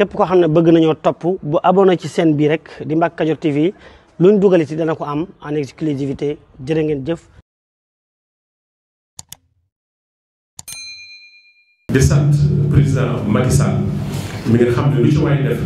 képp koo xam ne bëgg nañoo topp bu abonné ci seen bi rek di Mbacke Kadior TV luñ dugal ci dana ko am en exclusivité jërë ngeen jëf. di président Macky Sall mi ngeen xam ne lu ci waay def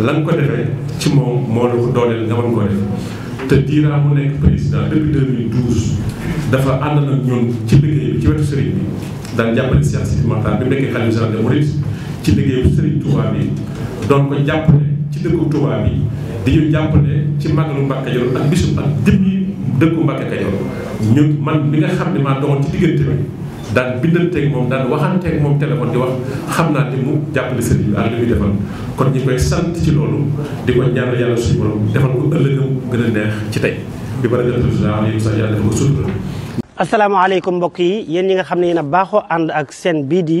la ko defee ci moom moo la ko dooleel nga mën koo def te diiraa mu nekk président depuis 2012 dafa ànd nag ñun ci liggéey bi ci wetu sëriñ bi daan jàppale Cheikh Sidi Makhtar bi mu nekkee xalifa général des mourides ci liggéeyu Serigne Touba bi doon ko jàppale ci dëkku Touba bi di ñu jàppale ci màggalu Mbacke Kajoor ak bisu ak Kajoor ñu man bi nga xam ne maa doxoon ci diggante bi daan bindanteeg moom daan waxanteeg moom téléphone di wax xam naa te mu jàppale sëriñ bi ak li muy defal kon ñu koy sant ci loolu di ko ñaanal yàlla suñu borom defal ko ëllëgam gën a neex ci tey bi bara jëltsa yém sax yàlla dafa mbokk yi yéen ñi nga xam ne yéen a ànd ak seen bii di